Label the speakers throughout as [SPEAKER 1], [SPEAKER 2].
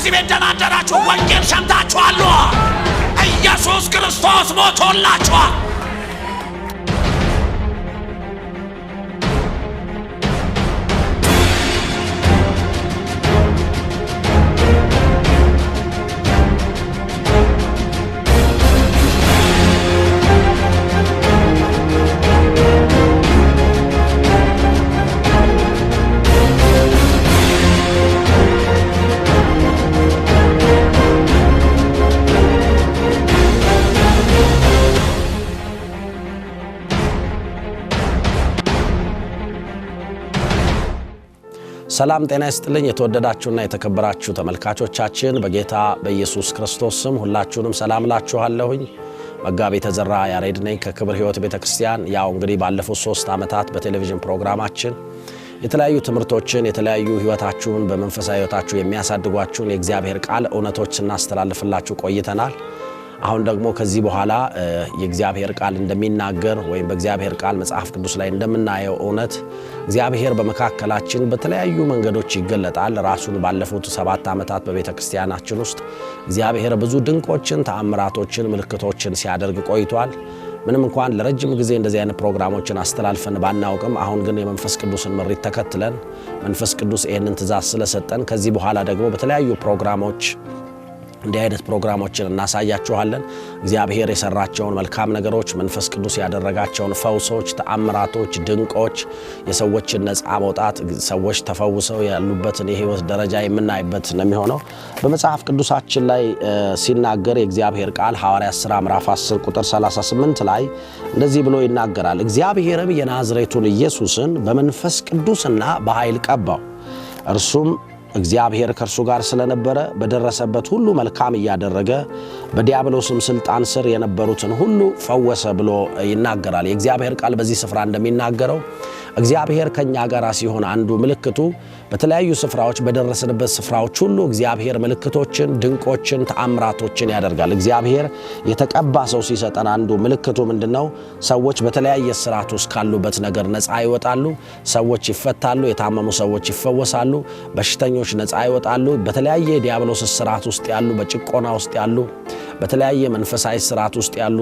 [SPEAKER 1] በዚህ ቤት ደህና አደራችሁ። ወንጌል ሰምታችኋል። ኢየሱስ ክርስቶስ ሞቶላችኋል። ሰላም ጤና ይስጥልኝ። የተወደዳችሁና የተከበራችሁ ተመልካቾቻችን በጌታ በኢየሱስ ክርስቶስ ስም ሁላችሁንም ሰላም ላችኋለሁኝ መጋቤ ተዘራ ያሬድ ነኝ ከክብር ህይወት ቤተ ክርስቲያን። ያው እንግዲህ ባለፉት ሶስት ዓመታት በቴሌቪዥን ፕሮግራማችን የተለያዩ ትምህርቶችን የተለያዩ ህይወታችሁን በመንፈሳዊ ህይወታችሁ የሚያሳድጓችሁን የእግዚአብሔር ቃል እውነቶች ስናስተላልፍላችሁ ቆይተናል። አሁን ደግሞ ከዚህ በኋላ የእግዚአብሔር ቃል እንደሚናገር ወይም በእግዚአብሔር ቃል መጽሐፍ ቅዱስ ላይ እንደምናየው እውነት እግዚአብሔር በመካከላችን በተለያዩ መንገዶች ይገለጣል። ራሱን ባለፉት ሰባት ዓመታት በቤተ ክርስቲያናችን ውስጥ እግዚአብሔር ብዙ ድንቆችን፣ ተአምራቶችን፣ ምልክቶችን ሲያደርግ ቆይቷል። ምንም እንኳን ለረጅም ጊዜ እንደዚህ አይነት ፕሮግራሞችን አስተላልፈን ባናውቅም አሁን ግን የመንፈስ ቅዱስን መሪት ተከትለን መንፈስ ቅዱስ ይህንን ትእዛዝ ስለሰጠን ከዚህ በኋላ ደግሞ በተለያዩ ፕሮግራሞች እንዲህ አይነት ፕሮግራሞችን እናሳያችኋለን። እግዚአብሔር የሰራቸውን መልካም ነገሮች፣ መንፈስ ቅዱስ ያደረጋቸውን ፈውሶች፣ ተአምራቶች፣ ድንቆች፣ የሰዎችን ነፃ መውጣት፣ ሰዎች ተፈውሰው ያሉበትን የህይወት ደረጃ የምናይበት ነው የሚሆነው። በመጽሐፍ ቅዱሳችን ላይ ሲናገር የእግዚአብሔር ቃል ሐዋርያት ሥራ ምዕራፍ 10 ቁጥር 38 ላይ እንደዚህ ብሎ ይናገራል። እግዚአብሔርም የናዝሬቱን ኢየሱስን በመንፈስ ቅዱስና በኃይል ቀባው እርሱም እግዚአብሔር ከእርሱ ጋር ስለነበረ በደረሰበት ሁሉ መልካም እያደረገ በዲያብሎስም ስልጣን ስር የነበሩትን ሁሉ ፈወሰ ብሎ ይናገራል። የእግዚአብሔር ቃል በዚህ ስፍራ እንደሚናገረው እግዚአብሔር ከእኛ ጋር ሲሆን አንዱ ምልክቱ በተለያዩ ስፍራዎች በደረስንበት ስፍራዎች ሁሉ እግዚአብሔር ምልክቶችን፣ ድንቆችን፣ ተአምራቶችን ያደርጋል። እግዚአብሔር የተቀባ ሰው ሲሰጠን አንዱ ምልክቱ ምንድነው ሰዎች በተለያየ ስርዓት ውስጥ ካሉበት ነገር ነፃ ይወጣሉ። ሰዎች ይፈታሉ። የታመሙ ሰዎች ይፈወሳሉ። በሽተኞች ነፃ ይወጣሉ። በተለያየ ዲያብሎስ ስርዓት ውስጥ ያሉ፣ በጭቆና ውስጥ ያሉ በተለያየ መንፈሳዊ ስርዓት ውስጥ ያሉ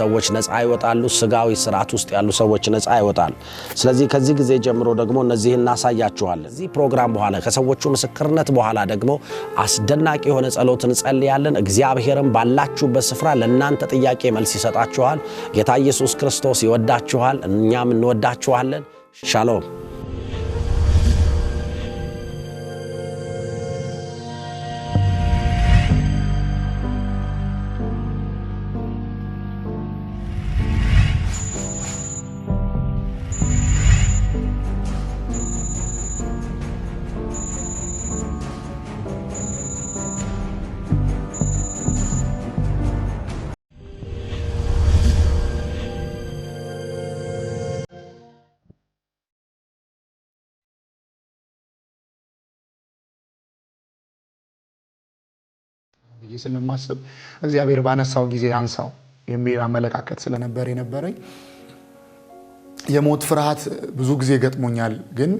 [SPEAKER 1] ሰዎች ነፃ ይወጣሉ። ስጋዊ ስርዓት ውስጥ ያሉ ሰዎች ነፃ ይወጣሉ። ስለዚህ ስለዚህ ከዚህ ጊዜ ጀምሮ ደግሞ እነዚህ እናሳያችኋለን። እዚህ ፕሮግራም በኋላ ከሰዎቹ ምስክርነት በኋላ ደግሞ አስደናቂ የሆነ ጸሎት እንጸልያለን። እግዚአብሔርም ባላችሁበት ስፍራ ለእናንተ ጥያቄ መልስ ይሰጣችኋል። ጌታ ኢየሱስ ክርስቶስ ይወዳችኋል፣ እኛም እንወዳችኋለን። ሻሎም
[SPEAKER 2] ብዬ ስለማስብ እግዚአብሔር ባነሳው ጊዜ አንሳው የሚል አመለካከት ስለነበር የነበረኝ የሞት ፍርሃት ብዙ ጊዜ ገጥሞኛል። ግን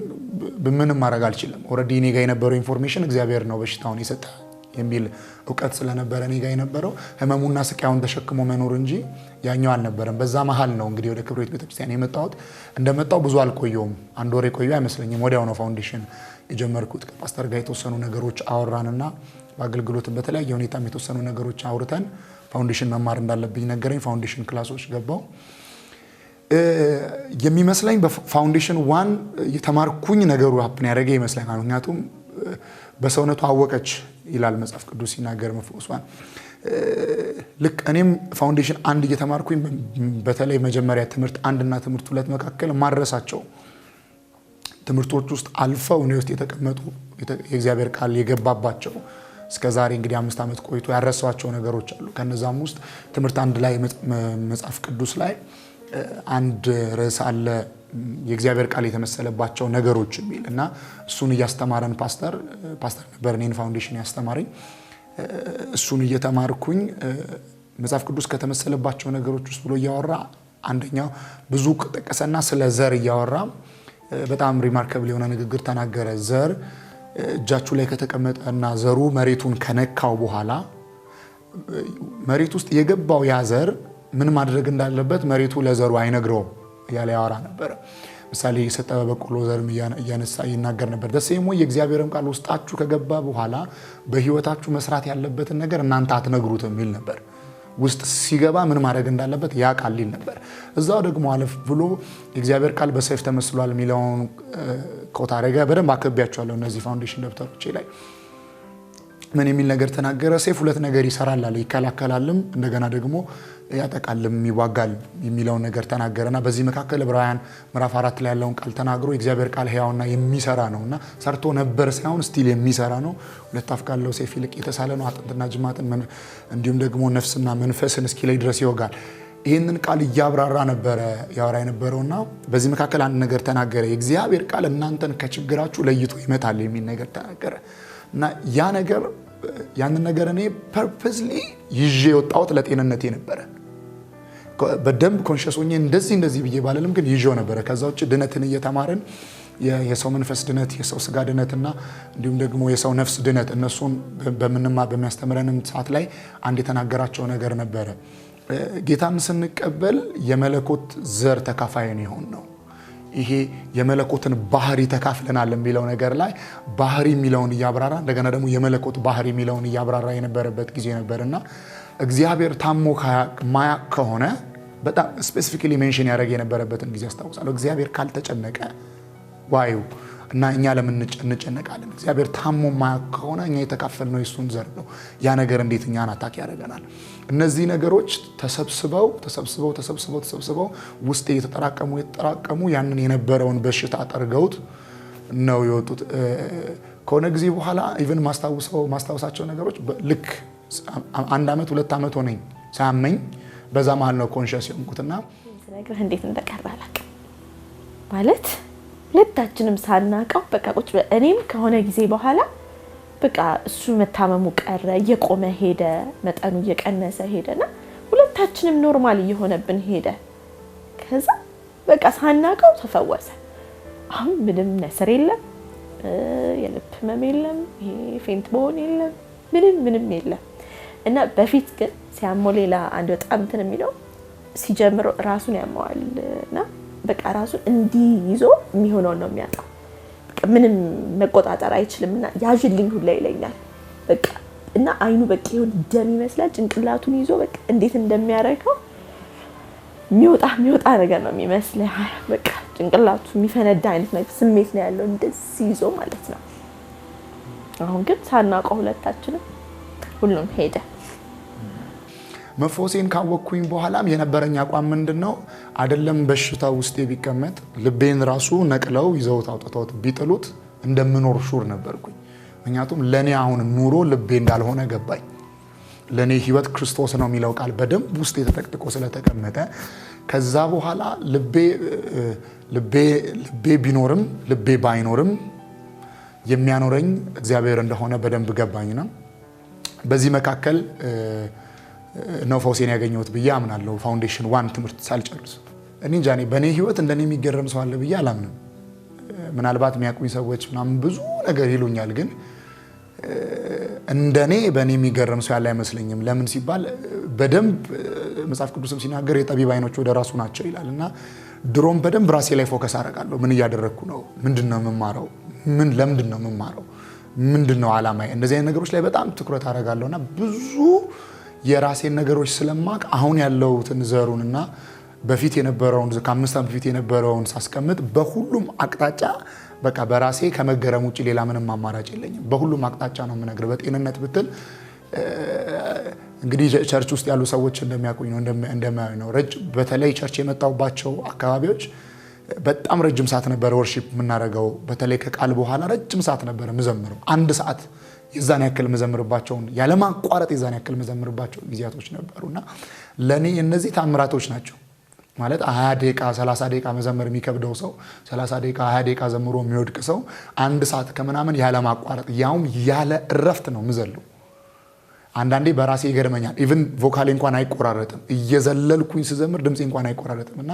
[SPEAKER 2] ምንም ማድረግ አልችልም። ኦልሬዲ እኔ ጋ የነበረው ኢንፎርሜሽን እግዚአብሔር ነው በሽታውን የሰጠ የሚል እውቀት ስለነበረ እኔ ጋ የነበረው ህመሙና ስቃዩን ተሸክሞ መኖር እንጂ ያኛው አልነበረም። በዛ መሀል ነው እንግዲህ ወደ ክብሬት ቤተክርስቲያን የመጣሁት። እንደመጣው ብዙ አልቆየውም። አንድ ወር የቆየ አይመስለኝም። ወዲያው ነው ፋውንዴሽን የጀመርኩት። ከፓስተር ጋር የተወሰኑ ነገሮች አወራንና በአገልግሎት በተለያየ ሁኔታ የተወሰኑ ነገሮች አውርተን ፋውንዴሽን መማር እንዳለብኝ ነገረኝ። ፋውንዴሽን ክላሶች ገባው የሚመስለኝ በፋውንዴሽን ዋን የተማርኩኝ ነገሩ ሀፕን ያደረገ ይመስለኛል። ምክንያቱም በሰውነቱ አወቀች ይላል መጽሐፍ ቅዱስ ሲናገር መፍቅስ ልክ እኔም ፋውንዴሽን አንድ እየተማርኩኝ በተለይ መጀመሪያ ትምህርት አንድና ትምህርት ሁለት መካከል ማድረሳቸው ትምህርቶች ውስጥ አልፈው እኔ ውስጥ የተቀመጡ የእግዚአብሔር ቃል የገባባቸው እስከ ዛሬ እንግዲህ አምስት ዓመት ቆይቶ ያረሷቸው ነገሮች አሉ። ከነዛም ውስጥ ትምህርት አንድ ላይ መጽሐፍ ቅዱስ ላይ አንድ ርዕስ አለ የእግዚአብሔር ቃል የተመሰለባቸው ነገሮች የሚል እና እሱን እያስተማረን ፓስተር ፓስተር ነበር እኔን ፋውንዴሽን ያስተማረኝ። እሱን እየተማርኩኝ መጽሐፍ ቅዱስ ከተመሰለባቸው ነገሮች ውስጥ ብሎ እያወራ አንደኛው ብዙ ጠቀሰና ስለ ዘር እያወራ በጣም ሪማርከብል የሆነ ንግግር ተናገረ። ዘር እጃችሁ ላይ ከተቀመጠ እና ዘሩ መሬቱን ከነካው በኋላ መሬት ውስጥ የገባው ያ ዘር ምን ማድረግ እንዳለበት መሬቱ ለዘሩ አይነግረውም እያለ ያወራ ነበረ። ምሳሌ የሰጠ በበቆሎ ዘርም እያነሳ ይናገር ነበር። ደሴሞ የእግዚአብሔርም ቃል ውስጣችሁ ከገባ በኋላ በህይወታችሁ መስራት ያለበትን ነገር እናንተ አትነግሩት የሚል ነበር። ውስጥ ሲገባ ምን ማድረግ እንዳለበት ያ ቃል ሊል ነበር። እዛው ደግሞ አለፍ ብሎ የእግዚአብሔር ቃል በሰይፍ ተመስሏል የሚለውን ኮታ አደረገ። በደንብ አከቢያቸዋለሁ እነዚህ ፋውንዴሽን ደብተሮቼ ላይ ምን የሚል ነገር ተናገረ? ሰይፍ ሁለት ነገር ይሰራል አለ፣ ይከላከላልም እንደገና ደግሞ ያጠቃል ይዋጋል የሚለውን ነገር ተናገረና በዚህ መካከል ዕብራውያን ምዕራፍ አራት ላይ ያለውን ቃል ተናግሮ የእግዚአብሔር ቃል ሕያውና የሚሰራ ነው እና ሰርቶ ነበር ሳይሆን ስቲል የሚሰራ ነው። ሁለት አፍ ካለው ሰይፍ ይልቅ የተሳለ ነው፣ አጥንትና ጅማትን እንዲሁም ደግሞ ነፍስና መንፈስን እስኪ ላይ ድረስ ይወጋል። ይህንን ቃል እያብራራ ነበረ ያወራ የነበረውና በዚህ መካከል አንድ ነገር ተናገረ። የእግዚአብሔር ቃል እናንተን ከችግራችሁ ለይቶ ይመታል የሚል ነገር ተናገረ እና ያ ነገር ያንን ነገር እኔ ፐርፐዝሊ ይዤ የወጣሁት ለጤንነቴ ነበረ። በደንብ ኮንሽስ ሆኜ እንደዚህ እንደዚህ ብዬ ባለልም ግን ይዤው ነበረ። ከዛ ውጭ ድነትን እየተማርን የሰው መንፈስ ድነት፣ የሰው ስጋ እና እንዲሁም ደግሞ የሰው ነፍስ ድነት እነሱን በምንማ በሚያስተምረንም ሰዓት ላይ አንድ የተናገራቸው ነገር ነበረ። ጌታን ስንቀበል የመለኮት ዘር ተካፋይን ይሆን ነው ይሄ የመለኮትን ባህሪ ተካፍለናል የሚለው ነገር ላይ ባህሪ የሚለውን እያብራራ እንደገና ደግሞ የመለኮት ባህሪ የሚለውን እያብራራ የነበረበት ጊዜ ነበር እግዚአብሔር ታሞ ማያቅ ከሆነ በጣም ስፔሲፊካሊ ሜንሽን ያደረግ የነበረበትን ጊዜ አስታውሳለሁ። እግዚአብሔር ካልተጨነቀ ዋዩ እና እኛ ለምን እንጨነቃለን? እግዚአብሔር ታሞ ማያቅ ከሆነ እኛ ነው የሱን ዘር ነው። ያ ነገር እንዴት እኛን አታክ ያደርገናል? እነዚህ ነገሮች ተሰብስበው ተሰብስበው ተሰብስበው ተሰብስበው ውስጥ እየተጠራቀሙ የተጠራቀሙ ያንን የነበረውን በሽታ ጠርገውት ነው የወጡት። ከሆነ ጊዜ በኋላ ኢቨን ማስታውሳቸው ነገሮች ልክ አንድ ዓመት ሁለት ዓመት ሆነኝ ሳያመኝ። በዛ መሀል ነው ኮንሽስ የሆንኩትና
[SPEAKER 3] ስነግርህ እንዴት እንደቀረ አላውቅም። ማለት ሁለታችንም ሳናውቀው በቃ ቁጭ እኔም ከሆነ ጊዜ በኋላ በቃ እሱ መታመሙ ቀረ፣ እየቆመ ሄደ፣ መጠኑ እየቀነሰ ሄደና ሁለታችንም ኖርማል እየሆነብን ሄደ። ከዛ በቃ ሳናውቀው ተፈወሰ። አሁን ምንም ነስር የለም፣ የልብ ህመም የለም፣ ይሄ ፌንት የለም፣ ምንም ምንም የለም። እና በፊት ግን ሲያሞ ሌላ አንድ በጣም እንትን የሚለው ሲጀምር ራሱን ያመዋል እና በቃ ራሱን እንዲህ ይዞ የሚሆነውን ነው የሚያውቀው። ምንም መቆጣጠር አይችልም እና ያዥልኝ ሁላ ይለኛል በቃ እና አይኑ በቃ ይሁን ደም ይመስላል ጭንቅላቱን ይዞ በቃ እንዴት እንደሚያደርገው የሚወጣ የሚወጣ ነገር ነው የሚመስለ በቃ ጭንቅላቱ የሚፈነዳ አይነት ነገር ስሜት ነው ያለው እንደዚህ ይዞ ማለት ነው። አሁን ግን ሳናውቀው ሁለታችንም ሁሉም ሄደ።
[SPEAKER 2] መፎሴን ካወቅኩኝ በኋላም የነበረኝ አቋም ምንድን ነው? አይደለም በሽታ ውስጤ ቢቀመጥ ልቤን ራሱ ነቅለው ይዘውት አውጥተውት ቢጥሉት እንደምኖር ሹር ነበርኩኝ። ምክንያቱም ለእኔ አሁን ኑሮ ልቤ እንዳልሆነ ገባኝ። ለእኔ ህይወት ክርስቶስ ነው የሚለው ቃል በደንብ ውስጤ ተጠቅጥቆ ስለተቀመጠ ከዛ በኋላ ልቤ ቢኖርም ልቤ ባይኖርም የሚያኖረኝ እግዚአብሔር እንደሆነ በደንብ ገባኝ ነው። በዚህ መካከል ነው ፈውሴን ያገኘሁት ብዬ አምናለሁ። ፋውንዴሽን ዋን ትምህርት ሳልጨርስ እኔ እንጃ በእኔ ህይወት እንደኔ የሚገረም ሰው አለ ብዬ አላምንም። ምናልባት የሚያውቁኝ ሰዎች ምናምን ብዙ ነገር ይሉኛል፣ ግን እንደኔ በእኔ የሚገረም ሰው ያለ አይመስለኝም። ለምን ሲባል በደንብ መጽሐፍ ቅዱስም ሲናገር የጠቢብ አይኖች ወደ ራሱ ናቸው ይላል እና ድሮም በደንብ ራሴ ላይ ፎከስ አደርጋለሁ። ምን እያደረግኩ ነው? ምንድን ነው የምማረው? ምን ለምንድን ነው የምማረው? ምንድን ነው አላማ? እንደዚህ አይነት ነገሮች ላይ በጣም ትኩረት አደርጋለሁ እና ብዙ የራሴን ነገሮች ስለማቅ አሁን ያለውትን ዘሩንና በፊት የነበረውን ከአምስት ዓመት በፊት የነበረውን ሳስቀምጥ በሁሉም አቅጣጫ በቃ በራሴ ከመገረም ውጭ ሌላ ምንም አማራጭ የለኝም። በሁሉም አቅጣጫ ነው የምነግር። በጤንነት ብትል እንግዲህ ቸርች ውስጥ ያሉ ሰዎች እንደሚያውቁኝ ነው እንደሚያዩ ነው። በተለይ ቸርች የመጣሁባቸው አካባቢዎች በጣም ረጅም ሰዓት ነበር ወርሺፕ የምናደርገው። በተለይ ከቃል በኋላ ረጅም ሰዓት ነበር የምዘምረው አንድ ሰዓት የዛን ያክል መዘምርባቸውን ያለማቋረጥ የዛን ያክል መዘምርባቸው ጊዜያቶች ነበሩና ለእኔ እነዚህ ታምራቶች ናቸው። ማለት ሀያ ደቂቃ ሰላሳ ደቂቃ መዘመር የሚከብደው ሰው ሰላሳ ደቂቃ ሀያ ደቂቃ ዘምሮ የሚወድቅ ሰው አንድ ሰዓት ከምናምን ያለማቋረጥ ያውም ያለ እረፍት ነው ምዘሉ። አንዳንዴ በራሴ ይገርመኛል። ኢቭን ቮካሌ እንኳን አይቆራረጥም። እየዘለልኩኝ ስዘምር ድምፄ እንኳን አይቆራረጥም እና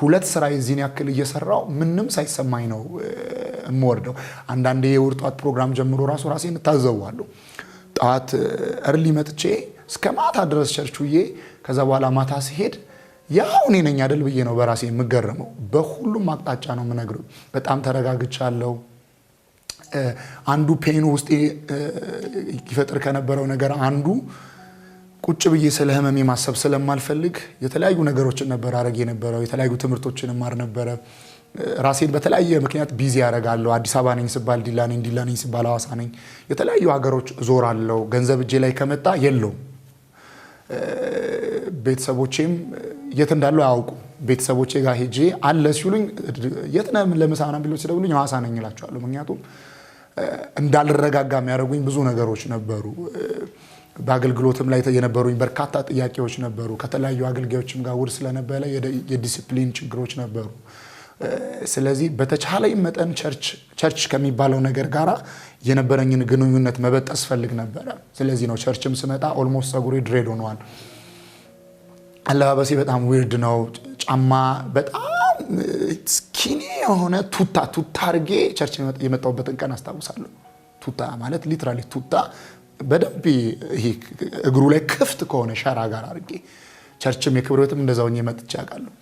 [SPEAKER 2] ሁለት ስራ የዚህን ያክል እየሰራው ምንም ሳይሰማኝ ነው የምወርደው። አንዳንዴ የውር ጠዋት ፕሮግራም ጀምሮ ራሱ ራሴ እታዘዋለሁ። ጠዋት እርሊ መጥቼ እስከ ማታ ድረስ ቸርች ውዬ ከዛ በኋላ ማታ ሲሄድ ያው እኔ ነኝ አይደል ብዬ ነው በራሴ የምገረመው። በሁሉም አቅጣጫ ነው የምነግረው። በጣም ተረጋግቻለሁ። አንዱ ፔኑ ውስጤ ይፈጥር ከነበረው ነገር አንዱ ቁጭ ብዬ ስለ ህመሜ ማሰብ ስለማልፈልግ የተለያዩ ነገሮችን ነበር አረግ የነበረው። የተለያዩ ትምህርቶችን ማር ነበረ። ራሴን በተለያየ ምክንያት ቢዚ ያደርጋለሁ። አዲስ አበባ ነኝ ስባል ዲላ ነኝ፣ ዲላ ነኝ ስባል አዋሳ ነኝ። የተለያዩ ሀገሮች ዞር አለው። ገንዘብ እጄ ላይ ከመጣ የለውም። ቤተሰቦቼም የት እንዳለው አያውቁ። ቤተሰቦቼ ጋር ሄጄ አለ ሲሉኝ የት ነህ ለምሳና ቢሎች ሲደውሉኝ አዋሳ ነኝ እላቸዋለሁ። ምክንያቱም እንዳልረጋጋ የሚያደርጉኝ ብዙ ነገሮች ነበሩ። በአገልግሎትም ላይ የነበሩኝ በርካታ ጥያቄዎች ነበሩ። ከተለያዩ አገልጋዮችም ጋር ውድ ስለነበረ የዲሲፕሊን ችግሮች ነበሩ። ስለዚህ በተቻለ መጠን ቸርች ከሚባለው ነገር ጋር የነበረኝን ግንኙነት መበጠስ ፈልግ ነበረ። ስለዚህ ነው ቸርችም ስመጣ ኦልሞስት ፀጉሬ ድሬድ ሆነዋል። አለባበሴ በጣም ዊርድ ነው። ጫማ በጣም ስኪኒ የሆነ ቱታ ቱታ አድርጌ ቸርች የመጣሁበትን ቀን አስታውሳለሁ። ቱታ ማለት ሊትራሊ ቱታ በደንብ ይሄ እግሩ ላይ ክፍት ከሆነ ሸራ ጋር አድርጌ ቸርችም የክብር ቤትም እንደዛው ሆኜ መጥቼ አውቃለሁ።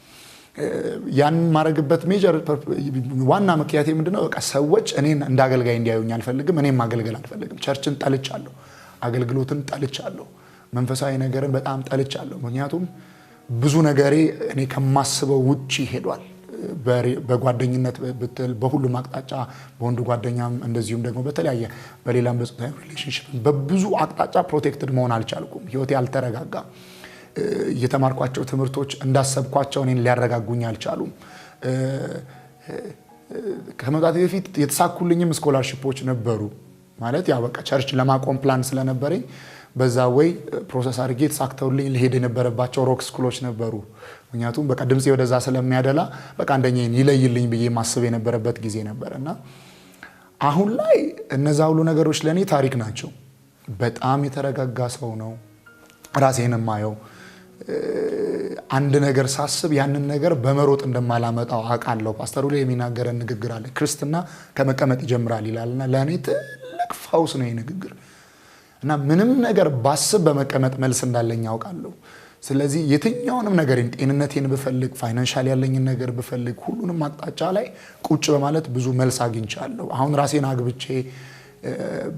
[SPEAKER 2] ያን ማድረግበት ሜጀር ዋና ምክንያቴ ምንድነው? በቃ ሰዎች እኔን እንደ አገልጋይ እንዲያዩኝ አልፈልግም። እኔም ማገልገል አልፈልግም። ቸርችን ጠልቻለሁ፣ አገልግሎትን ጠልቻለሁ፣ መንፈሳዊ ነገርን በጣም ጠልቻለሁ። ምክንያቱም ብዙ ነገሬ እኔ ከማስበው ውጭ ሄዷል። በጓደኝነት ብትል በሁሉም አቅጣጫ በወንድ ጓደኛም እንደዚሁም ደግሞ በተለያየ በሌላም በጾታዊ ሪሌሽንሽፕ በብዙ አቅጣጫ ፕሮቴክትድ መሆን አልቻልኩም። ህይወቴ አልተረጋጋም። የተማርኳቸው ትምህርቶች እንዳሰብኳቸው እኔን ሊያረጋጉኝ አልቻሉም። ከመምጣቴ በፊት የተሳኩልኝም ስኮላርሽፖች ነበሩ። ማለት ያው በቃ ቸርች ለማቆም ፕላን ስለነበረኝ በዛ ወይ ፕሮሰስ አድርጌ ተሳክተውልኝ ልሄድ የነበረባቸው ሮክ ስኩሎች ነበሩ። ምክንያቱም በቃ ድምፄ ወደዛ ስለሚያደላ በቃ አንደኛ ይለይልኝ ብዬ ማስብ የነበረበት ጊዜ ነበር እና አሁን ላይ እነዛ ሁሉ ነገሮች ለእኔ ታሪክ ናቸው። በጣም የተረጋጋ ሰው ነው ራሴን የማየው። አንድ ነገር ሳስብ ያንን ነገር በመሮጥ እንደማላመጣው አውቃለሁ። ፓስተሩ ላይ የሚናገረን ንግግር አለ፣ ክርስትና ከመቀመጥ ይጀምራል ይላልና ለእኔ ትልቅ ፈውስ ነው ንግግር እና ምንም ነገር ባስብ በመቀመጥ መልስ እንዳለኝ ያውቃለሁ። ስለዚህ የትኛውንም ነገር ጤንነቴን ብፈልግ፣ ፋይናንሻል ያለኝን ነገር ብፈልግ፣ ሁሉንም አቅጣጫ ላይ ቁጭ በማለት ብዙ መልስ አግኝቻለሁ። አሁን ራሴን አግብቼ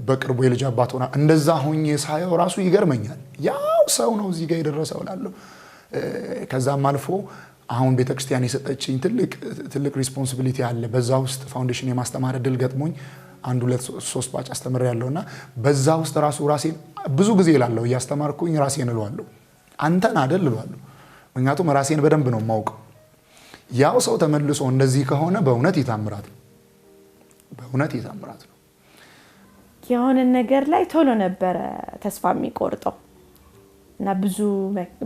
[SPEAKER 2] በቅርቡ የልጅ አባት ሆና እንደዛ ሆኜ ሳየው ራሱ ይገርመኛል። ያው ሰው ነው እዚህ ጋር የደረሰው ላለሁ ከዛም አልፎ አሁን ቤተክርስቲያን የሰጠችኝ ትልቅ ሪስፖንሲቢሊቲ አለ። በዛ ውስጥ ፋውንዴሽን የማስተማር ድል ገጥሞኝ አንድ ሁለት ሶስት ባጭ አስተምር ያለው እና በዛ ውስጥ ራሱ ራሴን ብዙ ጊዜ እላለሁ እያስተማርኩኝ ራሴን እለዋለሁ። አንተን አደል እለዋለሁ። ምክንያቱም ራሴን በደንብ ነው የማውቀው። ያው ሰው ተመልሶ እንደዚህ ከሆነ በእውነት የታምራት ነው፣ በእውነት የታምራት ነው።
[SPEAKER 3] የሆነ ነገር ላይ ቶሎ ነበረ ተስፋ የሚቆርጠው እና ብዙ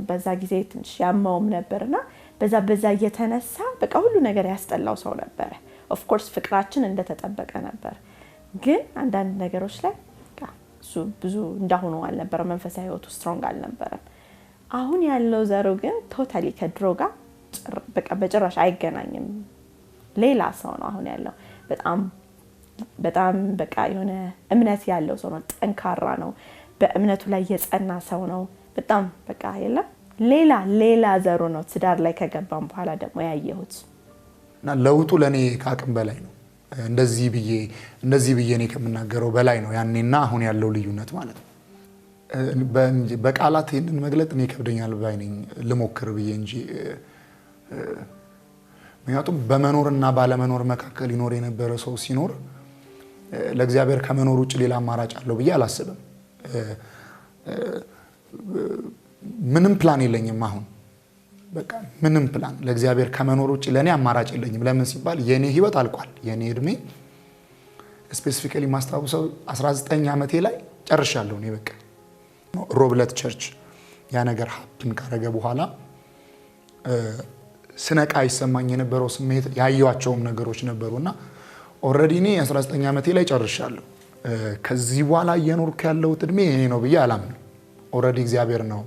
[SPEAKER 3] በዛ ጊዜ ትንሽ ያማውም ነበርና በዛ በዛ እየተነሳ በቃ ሁሉ ነገር ያስጠላው ሰው ነበረ። ኦፍኮርስ ፍቅራችን እንደተጠበቀ ነበር። ግን አንዳንድ ነገሮች ላይ እሱ ብዙ እንዳሁኑ አልነበረም። መንፈሳዊ ህይወቱ ስትሮንግ አልነበረም። አሁን ያለው ዘሩ ግን ቶታሊ ከድሮ ጋር በጭራሽ አይገናኝም። ሌላ ሰው ነው አሁን ያለው። በጣም በጣም በቃ የሆነ እምነት ያለው ሰው ነው። ጠንካራ ነው። በእምነቱ ላይ የጸና ሰው ነው። በጣም በቃ የለም ሌላ ሌላ ዘሩ ነው። ትዳር ላይ ከገባም በኋላ ደግሞ ያየሁት
[SPEAKER 2] እና ለውጡ ለእኔ ከአቅም በላይ ነው። እንደዚህ ብዬ እንደዚህ ብዬ እኔ ከምናገረው በላይ ነው ያኔና አሁን ያለው ልዩነት ማለት ነው። በቃላት ይህንን መግለጥ እኔ ይከብደኛል ባይ ነኝ፣ ልሞክር ብዬ እንጂ ምክንያቱም በመኖርና ባለመኖር መካከል ይኖር የነበረ ሰው ሲኖር ለእግዚአብሔር ከመኖር ውጭ ሌላ አማራጭ አለው ብዬ አላስብም። ምንም ፕላን የለኝም አሁን በቃ ምንም ፕላን ለእግዚአብሔር ከመኖር ውጭ ለእኔ አማራጭ የለኝም። ለምን ሲባል የእኔ ህይወት አልቋል። የእኔ እድሜ ስፔሲፊካሊ ማስታውሰው 19 ዓመቴ ላይ ጨርሻለሁ። እኔ በቃ ሮብለት ቸርች ያ ነገር ሀፕን ካረገ በኋላ ስነቃ ይሰማኝ የነበረው ስሜት ያየዋቸውም ነገሮች ነበሩ እና ኦልሬዲ እኔ 19 ዓመቴ ላይ ጨርሻለሁ። ከዚህ በኋላ እየኖርኩ ያለሁት እድሜ የኔ ነው ብዬ አላምንም። ኦልሬዲ እግዚአብሔር ነው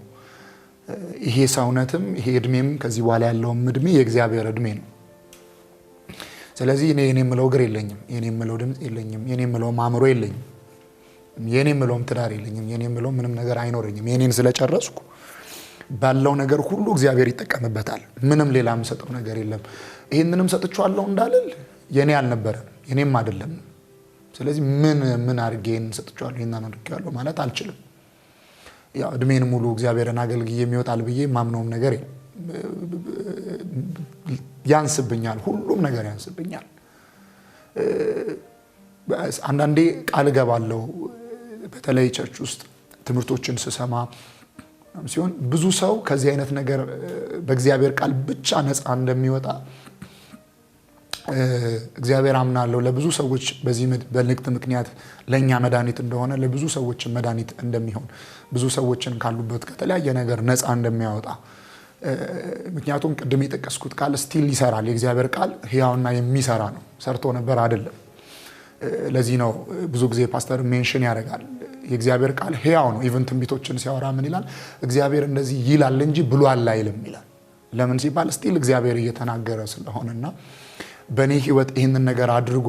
[SPEAKER 2] ይሄ ሰውነትም ይሄ እድሜም ከዚህ በኋላ ያለውም እድሜ የእግዚአብሔር እድሜ ነው። ስለዚህ እኔ የኔ የምለው እግር የለኝም፣ የኔ የምለው ድምፅ የለኝም፣ የኔ የምለውም አእምሮ የለኝም፣ የኔ የምለውም ትዳር የለኝም፣ የኔ ምለው ምንም ነገር አይኖረኝም። የኔን ስለጨረስኩ ባለው ነገር ሁሉ እግዚአብሔር ይጠቀምበታል። ምንም ሌላ የምሰጠው ነገር የለም። ይህንንም ሰጥቼዋለሁ እንዳልል የኔ አልነበረም፣ የኔም አይደለም። ስለዚህ ምን ምን አድርጌ ይህንን ሰጥቼዋለሁ፣ ይህን አድርጌዋለሁ ማለት አልችልም። ያው እድሜን ሙሉ እግዚአብሔርን አገልግዬ የሚወጣል ብዬ ማምነውም ነገር ያንስብኛል፣ ሁሉም ነገር ያንስብኛል። አንዳንዴ ቃል እገባለሁ። በተለይ ቸርች ውስጥ ትምህርቶችን ስሰማ ሲሆን ብዙ ሰው ከዚህ አይነት ነገር በእግዚአብሔር ቃል ብቻ ነፃ እንደሚወጣ እግዚአብሔር አምናለሁ ለብዙ ሰዎች በዚህ በንግድ ምክንያት ለእኛ መድኃኒት እንደሆነ ለብዙ ሰዎችን መድኃኒት እንደሚሆን ብዙ ሰዎችን ካሉበት ከተለያየ ነገር ነፃ እንደሚያወጣ ምክንያቱም ቅድም የጠቀስኩት ቃል ስቲል ይሰራል። የእግዚአብሔር ቃል ህያውና የሚሰራ ነው። ሰርቶ ነበር አይደለም። ለዚህ ነው ብዙ ጊዜ ፓስተር ሜንሽን ያደርጋል። የእግዚአብሔር ቃል ህያው ነው። ኢቨን ትንቢቶችን ሲያወራ ምን ይላል? እግዚአብሔር እንደዚህ ይላል እንጂ ብሏል አይልም ይላል። ለምን ሲባል ስቲል እግዚአብሔር እየተናገረ ስለሆነና በእኔ ህይወት ይህንን ነገር አድርጎ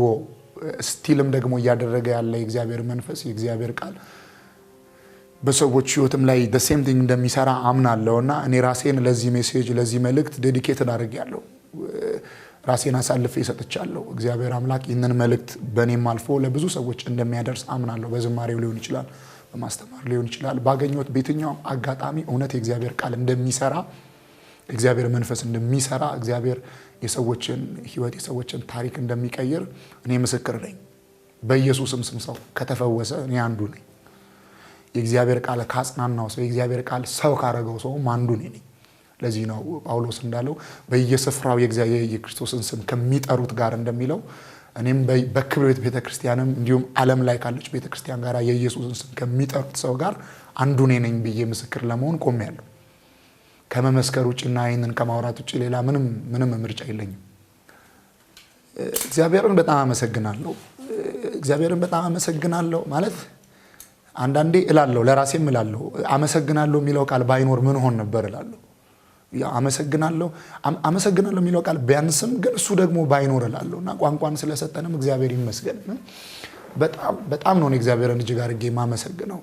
[SPEAKER 2] ስቲልም ደግሞ እያደረገ ያለ የእግዚአብሔር መንፈስ የእግዚአብሔር ቃል በሰዎች ህይወትም ላይ ደሴም ቲንግ እንደሚሰራ አምናለሁ እና እኔ ራሴን ለዚህ ሜሴጅ ለዚህ መልእክት ዴዲኬትድ ያለው ራሴን አሳልፌ ይሰጥቻለሁ እግዚአብሔር አምላክ ይህንን መልእክት በእኔም አልፎ ለብዙ ሰዎች እንደሚያደርስ አምናለሁ። በዝማሬው ሊሆን ይችላል፣ በማስተማር ሊሆን ይችላል፣ ባገኘሁት በየትኛውም አጋጣሚ እውነት የእግዚአብሔር ቃል እንደሚሰራ እግዚአብሔር መንፈስ እንደሚሰራ እግዚአብሔር የሰዎችን ህይወት የሰዎችን ታሪክ እንደሚቀይር እኔ ምስክር ነኝ። በኢየሱስም ስም ሰው ከተፈወሰ እኔ አንዱ ነኝ። የእግዚአብሔር ቃል ካጽናናው ሰው የእግዚአብሔር ቃል ሰው ካረገው ሰውም አንዱ ነኝ። ለዚህ ነው ጳውሎስ እንዳለው በየስፍራው የክርስቶስን ስም ከሚጠሩት ጋር እንደሚለው እኔም በክብር ቤት ቤተክርስቲያንም እንዲሁም ዓለም ላይ ካለች ቤተክርስቲያን ጋር የኢየሱስን ስም ከሚጠሩት ሰው ጋር አንዱ ነኝ ብዬ ምስክር ለመሆን ያለው ከመመስከር ውጭና ይህንን ከማውራት ውጭ ሌላ ምንም ምንም ምርጫ የለኝም። እግዚአብሔርን በጣም አመሰግናለሁ። እግዚአብሔርን በጣም አመሰግናለሁ ማለት አንዳንዴ እላለሁ፣ ለራሴም እላለሁ። አመሰግናለሁ የሚለው ቃል ባይኖር ምን ሆን ነበር እላለሁ። አመሰግናለሁ አመሰግናለሁ የሚለው ቃል ቢያንስም ግን እሱ ደግሞ ባይኖር እላለሁ እና ቋንቋን ስለሰጠንም እግዚአብሔር ይመስገን። በጣም በጣም ነው እግዚአብሔርን እጅግ አድርጌ ማመሰግነው።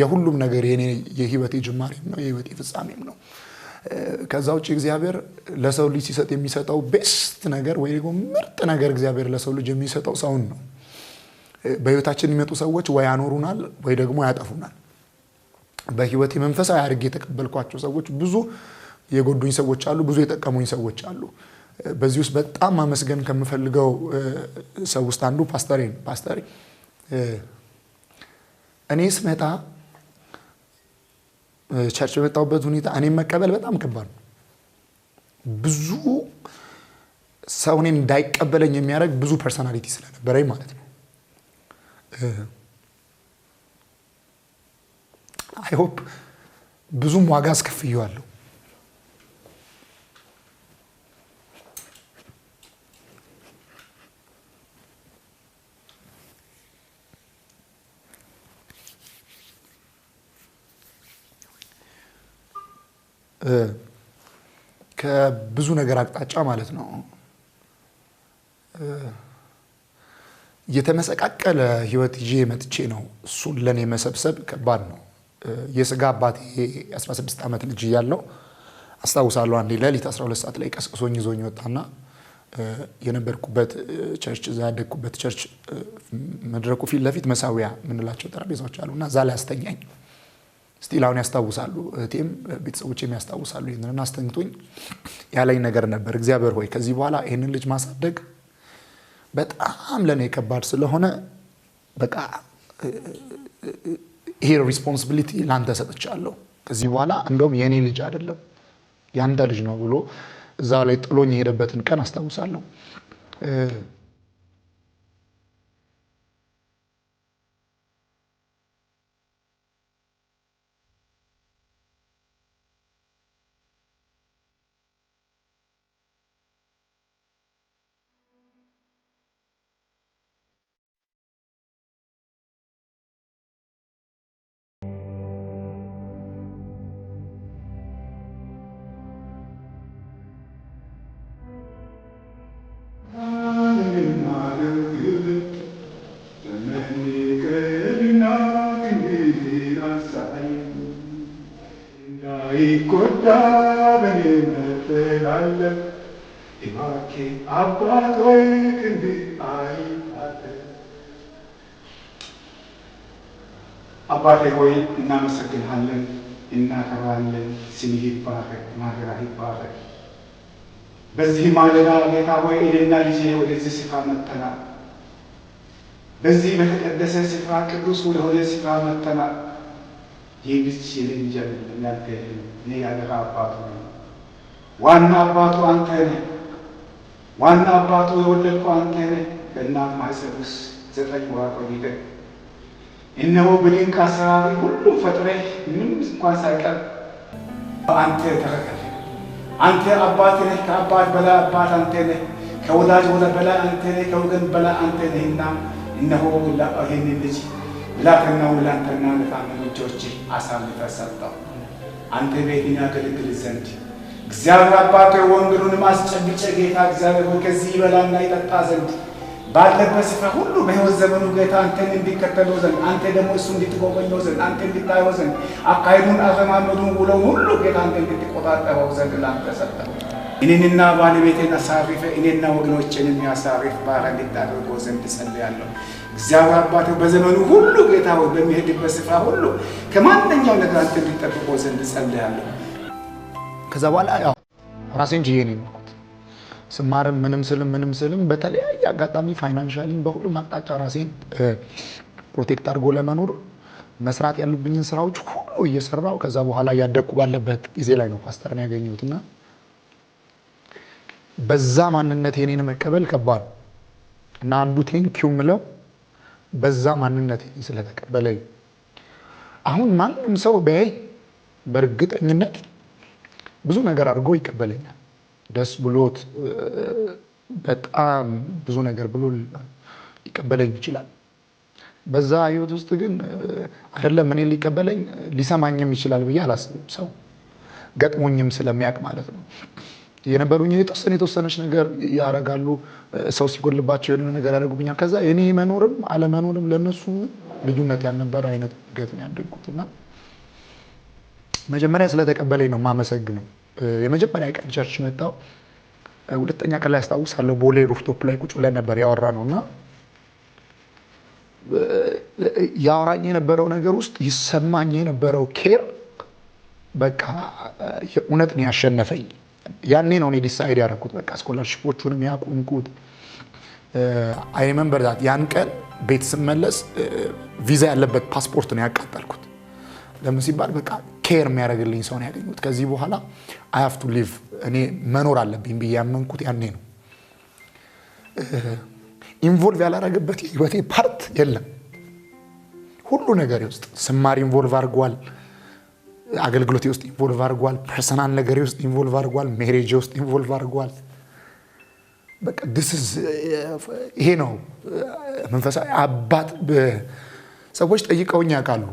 [SPEAKER 2] የሁሉም ነገር የኔ የህይወቴ ጅማሬም ነው የህይወቴ ፍጻሜም ነው። ከዛ ውጭ እግዚአብሔር ለሰው ልጅ ሲሰጥ የሚሰጠው ቤስት ነገር ወይ ደግሞ ምርጥ ነገር እግዚአብሔር ለሰው ልጅ የሚሰጠው ሰውን ነው። በህይወታችን የሚመጡ ሰዎች ወይ ያኖሩናል ወይ ደግሞ ያጠፉናል። በህይወቴ መንፈሳዊ አድርግ የተቀበልኳቸው ሰዎች ብዙ የጎዱኝ ሰዎች አሉ፣ ብዙ የጠቀሙኝ ሰዎች አሉ። በዚህ ውስጥ በጣም ማመስገን ከምፈልገው ሰው ውስጥ አንዱ ፓስተሬ ነው። ፓስተሬ እኔ ስመጣ ቸርች በመጣሁበት ሁኔታ እኔም መቀበል በጣም ከባድ ነው። ብዙ ሰው እኔን እንዳይቀበለኝ የሚያደርግ ብዙ ፐርሶናሊቲ ስለነበረኝ ማለት ነው። አይሆፕ ብዙም ዋጋ አስከፍየዋለሁ። ከብዙ ነገር አቅጣጫ ማለት ነው የተመሰቃቀለ ህይወት ይዤ መጥቼ ነው እሱን ለእኔ መሰብሰብ ከባድ ነው። የስጋ አባቴ 16 ዓመት ልጅ እያለው አስታውሳለሁ። አንዴ ሌሊት 12 ሰዓት ላይ ቀስቅሶኝ ይዞኝ ወጣና የነበርኩበት ቸርች እዛ ያደግኩበት ቸርች መድረኩ ፊት ለፊት መሳዊያ የምንላቸው ጠረጴዛዎች አሉ እና እዛ ላይ አስተኛኝ። ስቲል አሁን ያስታውሳሉ፣ እህቴም ቤተሰቦቼም ያስታውሳሉ። ይህንን አስተንግቶኝ ያለኝ ነገር ነበር። እግዚአብሔር ሆይ ከዚህ በኋላ ይህንን ልጅ ማሳደግ በጣም ለእኔ ከባድ ስለሆነ በቃ ይሄ ሪስፖንሲቢሊቲ ላንተ ሰጥቻለሁ። ከዚህ በኋላ እንደውም የእኔ ልጅ አይደለም ያንተ ልጅ ነው ብሎ እዛ ላይ ጥሎኝ የሄደበትን ቀን አስታውሳለሁ። አባቴ ሆይ እናመሰግንሃለን፣ እናከብራለን። ስምህ ይባረክ፣ ማደራህ ይባረክ። በዚህ ማለዳ ጌታ ሆይ እኔና ልጄ ወደዚህ ስፍራ መጥተናል። በዚህ በተቀደሰ ስፍራ ቅዱስ ወደሆነ ስፍራ መጥተናል። ይህ ብቻ የኔ ልጅ አይደለም ያልከኝ እኔ የአደራ አባቱ ነው። ዋና አባቱ አንተ ነህ። ዋና አባቱ የወለድኩ አንተ ነህ። በእናት ማህፀን ውስጥ ዘጠኝ ወራት ቆይተህ እነሆ ብሌን ከአሰራሪ ሁሉም ፈጥረህ ምንም እንኳን ሳይቀር አንተ ተረከብ። አንተ አባት ነህ፣ ከአባት በላይ አባት አንተ ነህ፣ ከወላጅ ወለ በላይ አንተ ነህ፣ ከወገን በላይ አንተ ነህና እነሆ ይህን ልጅ ብላክናው ለአንተና ለታመኑ ልጆች ሰጠው አንተ ቤት ያገለግል ዘንድ እግዚአብሔር አባት ወንጌሉንም አስጨብጨ ጌታ እግዚአብሔር ከዚህ ይበላና ይጠጣ ዘንድ ባለበት ስፍራ ሁሉ በህይወት ዘመኑ ጌታ አንተን እንዲከተለው ዘንድ አንተ ደግሞ እሱ እንድትጎበኘው ዘንድ አንተ እንድታየው ዘንድ አካሄዱን፣ አረማመዱን፣ ውሎውን ሁሉ ጌታ አንተ እንድትቆጣጠረው ዘንድ ላንተ ሰጠው። እኔንና ባለቤቴን አሳርፈ እኔና ወገኖችን የሚያሳሪፍ ባሪያ እንድታደርጎ ዘንድ ጸልያለሁ። እግዚአብሔር አባት በዘመኑ ሁሉ ጌታ በሚሄድበት ስፍራ ሁሉ ከማንኛው ነገር አንተ እንድትጠብቆ ዘንድ ጸልያለሁ። ከዛ በኋላ ራሴን ችዬ ነው ስማርም ምንም ስልም ምንም ስልም በተለያየ አጋጣሚ ፋይናንሻሊ በሁሉም አቅጣጫ ራሴን ፕሮቴክት አድርጎ ለመኖር መስራት ያሉብኝን ስራዎች ሁሉ እየሰራው ከዛ በኋላ እያደግኩ ባለበት ጊዜ ላይ ነው ፓስተርን ያገኘሁት እና በዛ ማንነት የኔን መቀበል ከባድ እና አንዱ ቴንኪው ምለው በዛ ማንነት ስለተቀበለኝ አሁን ማንም ሰው በይ በእርግጠኝነት ብዙ ነገር አድርጎ ይቀበለኛል። ደስ ብሎት በጣም ብዙ ነገር ብሎ ሊቀበለኝ ይችላል። በዛ ህይወት ውስጥ ግን አይደለም እኔ ሊቀበለኝ ሊሰማኝም ይችላል ብዬ አላስብም። ሰው ገጥሞኝም ስለሚያውቅ ማለት ነው። የነበሩኝ የተወሰነ የተወሰነች ነገር ያደርጋሉ። ሰው ሲጎልባቸው የሆነ ነገር ያደርጉብኛል። ከዛ እኔ መኖርም አለመኖርም ለእነሱ ልዩነት ያልነበረ አይነት ገጥም ያደግኩት እና መጀመሪያ ስለተቀበለኝ ነው የማመሰግነው። የመጀመሪያ ቀን ቸርች መጣው። ሁለተኛ ቀን ላይ አስታውሳለሁ ቦሌ ሩፍቶፕ ላይ ቁጭ ብለን ነበር ያወራ ነው እና ያወራኝ የነበረው ነገር ውስጥ ይሰማኝ የነበረው ኬር በቃ እውነት ነው ያሸነፈኝ። ያኔ ነው እኔ ዲሳይድ ያደረኩት በቃ ስኮላርሽፖቹንም ያቆምኩት። አይ ሪመምበር ዛት ያን ቀን ቤት ስመለስ ቪዛ ያለበት ፓስፖርት ነው ያቃጠልኩት። ለምን ሲባል በቃ ኬር የሚያደርግልኝ ሰው ነው ያገኙት። ከዚህ በኋላ አያፍቱ ሊቭ እኔ መኖር አለብኝ ብዬ ያመንኩት ያኔ ነው። ኢንቮልቭ ያላረግበት የህይወቴ ፓርት የለም። ሁሉ ነገር ውስጥ ስማር ኢንቮልቭ አድርጓል። አገልግሎቴ ውስጥ ኢንቮልቭ አድርጓል። ፐርሰናል ነገሬ ውስጥ ኢንቮልቭ አድርጓል። ሜሬጅ ውስጥ ኢንቮልቭ አድርጓል። በቃ ይሄ ነው መንፈሳዊ አባት። ሰዎች ጠይቀውኝ ያውቃሉ።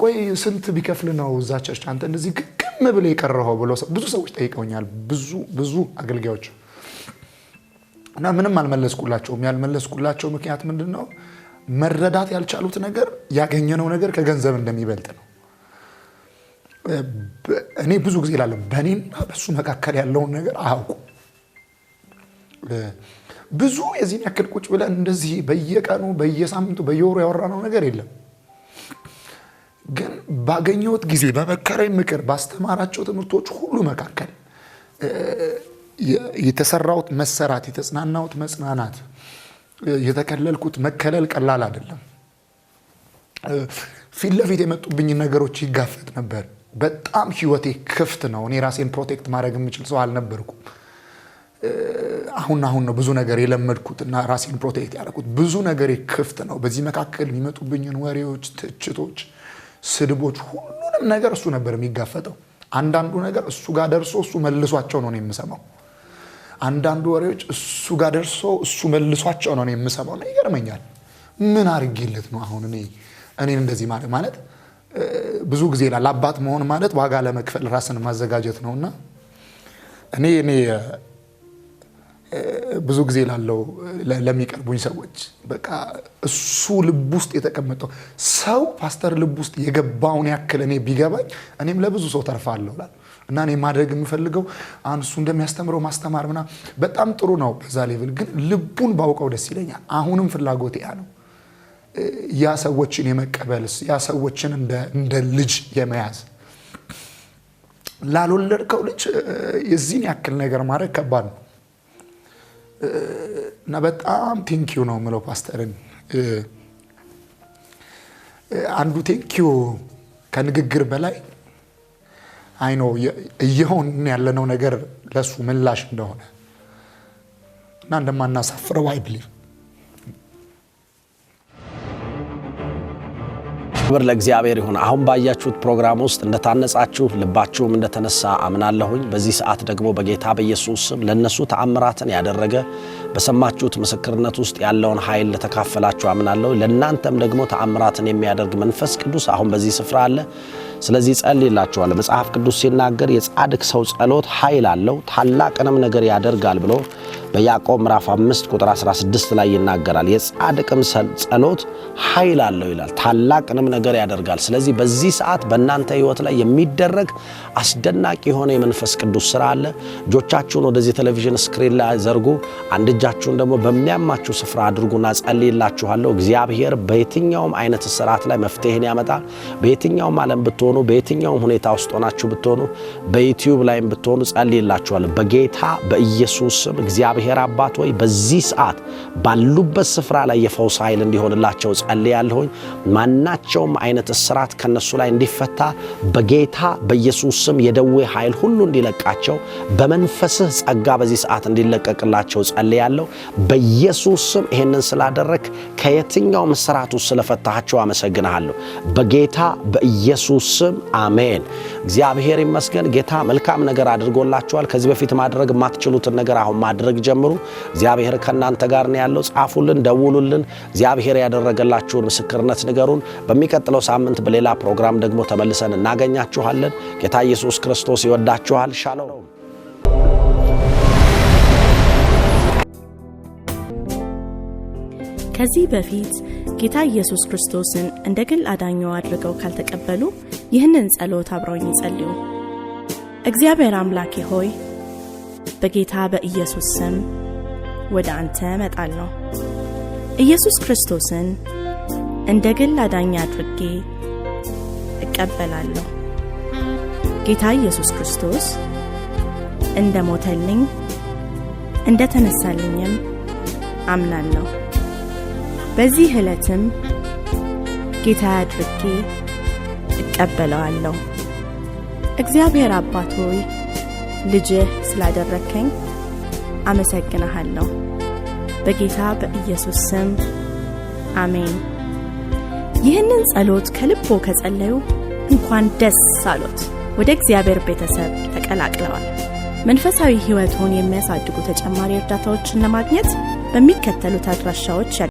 [SPEAKER 2] ቆይ ስንት ቢከፍል ነው እዛ ቸርች አንተ እንደዚህ ግግም ብለህ የቀረኸው ብሎ ብዙ ሰዎች ጠይቀውኛል። ብዙ ብዙ አገልጋዮች እና ምንም አልመለስኩላቸውም። ያልመለስኩላቸው ምክንያት ምንድን ነው? መረዳት ያልቻሉት ነገር ያገኘነው ነገር ከገንዘብ እንደሚበልጥ ነው። እኔ ብዙ ጊዜ ላለ በእኔና በሱ መካከል ያለውን ነገር አያውቁ። ብዙ የዚህን ያክል ቁጭ ብለን እንደዚህ በየቀኑ በየሳምንቱ በየወሩ ያወራነው ነገር የለም። ባገኘሁት ጊዜ በመከረኝ ምክር ባስተማራቸው ትምህርቶች ሁሉ መካከል የተሰራሁት መሰራት፣ የተጽናናሁት መጽናናት፣ የተከለልኩት መከለል ቀላል አይደለም። ፊት ለፊት የመጡብኝ ነገሮች ይጋፈጥ ነበር። በጣም ህይወቴ ክፍት ነው። እኔ ራሴን ፕሮቴክት ማድረግ የምችል ሰው አልነበርኩም። አሁን አሁን ነው ብዙ ነገር የለመድኩት እና ራሴን ፕሮቴክት ያደረኩት። ብዙ ነገር ክፍት ነው። በዚህ መካከል የሚመጡብኝን ወሬዎች፣ ትችቶች ስድቦች፣ ሁሉንም ነገር እሱ ነበር የሚጋፈጠው። አንዳንዱ ነገር እሱ ጋር ደርሶ እሱ መልሷቸው ነው የምሰማው። አንዳንዱ ወሬዎች እሱ ጋር ደርሶ እሱ መልሷቸው ነው የምሰማው። ነው ይገርመኛል። ምን አድርጌለት ነው አሁን እኔ እኔን እንደዚህ ማለት ማለት ብዙ ጊዜ ይላል አባት መሆን ማለት ዋጋ ለመክፈል ራስን ማዘጋጀት ነውና እኔ እኔ ብዙ ጊዜ ላለው ለሚቀርቡኝ ሰዎች በቃ እሱ ልብ ውስጥ የተቀመጠው ሰው ፓስተር ልብ ውስጥ የገባውን ያክል እኔ ቢገባኝ እኔም ለብዙ ሰው ተርፋለሁ ላል እና እኔ ማድረግ የምፈልገው አሁን እሱ እንደሚያስተምረው ማስተማር ምና በጣም ጥሩ ነው። በዛ ሌቭል ግን ልቡን ባውቀው ደስ ይለኛል። አሁንም ፍላጎት ያ ነው። ያ ሰዎችን የመቀበልስ ያ ሰዎችን እንደ ልጅ የመያዝ ላልወለድከው ልጅ የዚህን ያክል ነገር ማድረግ ከባድ ነው። እና በጣም ቴንኪዩ ነው የምለው ፓስተርን። አንዱ ቴንኪዩ ከንግግር በላይ አይ ነው እየሆን ያለነው ነገር ለሱ ምላሽ እንደሆነ እና እንደማናሳፍረው አይብሊም
[SPEAKER 1] ክብር ለእግዚአብሔር ይሁን። አሁን ባያችሁት ፕሮግራም ውስጥ እንደታነጻችሁ ልባችሁም እንደተነሳ አምናለሁኝ። በዚህ ሰዓት ደግሞ በጌታ በኢየሱስ ስም ለእነሱ ተአምራትን ያደረገ በሰማችሁት ምስክርነት ውስጥ ያለውን ኃይል ለተካፈላችሁ አምናለሁ። ለእናንተም ደግሞ ተአምራትን የሚያደርግ መንፈስ ቅዱስ አሁን በዚህ ስፍራ አለ። ስለዚህ ጸልይላቸዋለሁ። መጽሐፍ ቅዱስ ሲናገር የጻድቅ ሰው ጸሎት ኃይል አለው ታላቅንም ነገር ያደርጋል ብሎ በያዕቆብ ምዕራፍ 5 ቁጥር 16 ላይ ይናገራል። የጻድቅም ጸሎት ኃይል አለው ይላል፣ ታላቅንም ነገር ያደርጋል። ስለዚህ በዚህ ሰዓት በእናንተ ሕይወት ላይ የሚደረግ አስደናቂ የሆነ የመንፈስ ቅዱስ ስራ አለ። እጆቻችሁን ወደዚህ ቴሌቪዥን ስክሪን ላይ ዘርጉ። አንድ እጃችሁን ደግሞ በሚያማችሁ ስፍራ አድርጉና ጸልይላችኋለሁ። እግዚአብሔር በየትኛውም አይነት ስርዓት ላይ መፍትሄን ያመጣል። በየትኛውም ዓለም ብትሆኑ ብትሆኑ፣ በየትኛውም ሁኔታ ውስጥ ሆናችሁ ብትሆኑ፣ በዩትዩብ ላይም ብትሆኑ ጸልይላችኋለሁ። በጌታ በኢየሱስ ስም እግዚአብሔር አባት ሆይ በዚህ ሰዓት ባሉበት ስፍራ ላይ የፈውስ ኃይል እንዲሆንላቸው ጸልያለሁኝ። ማናቸውም አይነት እስራት ከነሱ ላይ እንዲፈታ በጌታ በኢየሱስ ስም የደዌ ኃይል ሁሉ እንዲለቃቸው በመንፈስህ ጸጋ በዚህ ሰዓት እንዲለቀቅላቸው ጸልያለሁ። በኢየሱስ ስም ይህንን ስላደረግ ከየትኛውም ስርዓት ስለፈታቸው አመሰግንሃለሁ። በጌታ በኢየሱስ ስም አሜን። እግዚአብሔር ይመስገን። ጌታ መልካም ነገር አድርጎላችኋል። ከዚህ በፊት ማድረግ የማትችሉትን ነገር አሁን ማድረግ ጀምሩ። እግዚአብሔር ከእናንተ ጋር ነው ያለው። ጻፉልን፣ ደውሉልን። እግዚአብሔር ያደረገላችሁን ምስክርነት ንገሩን። በሚቀጥለው ሳምንት በሌላ ፕሮግራም ደግሞ ተመልሰን እናገኛችኋለን። ጌታ ኢየሱስ ክርስቶስ ይወዳችኋል። ሻሎም
[SPEAKER 4] ከዚህ በፊት ጌታ ኢየሱስ ክርስቶስን እንደ ግል አዳኛው አድርገው ካልተቀበሉ ይህንን ጸሎት አብረውኝ ይጸልዩ። እግዚአብሔር አምላኬ ሆይ በጌታ በኢየሱስ ስም ወደ አንተ ነው። ኢየሱስ ክርስቶስን እንደ ግል አዳኛ አድርጌ እቀበላለሁ። ጌታ ኢየሱስ ክርስቶስ እንደ ሞተልኝ እንደ ተነሳልኝም አምናለሁ። በዚህ ዕለትም ጌታ አድርጌ እቀበለዋለሁ። እግዚአብሔር አባት ሆይ ልጅህ ስላደረግከኝ አመሰግንሃለሁ። በጌታ በኢየሱስ ስም አሜን። ይህንን ጸሎት ከልቦ ከጸለዩ እንኳን ደስ አሎት፣ ወደ እግዚአብሔር ቤተሰብ ተቀላቅለዋል። መንፈሳዊ ሕይወትን የሚያሳድጉ ተጨማሪ እርዳታዎችን ለማግኘት በሚከተሉት አድራሻዎች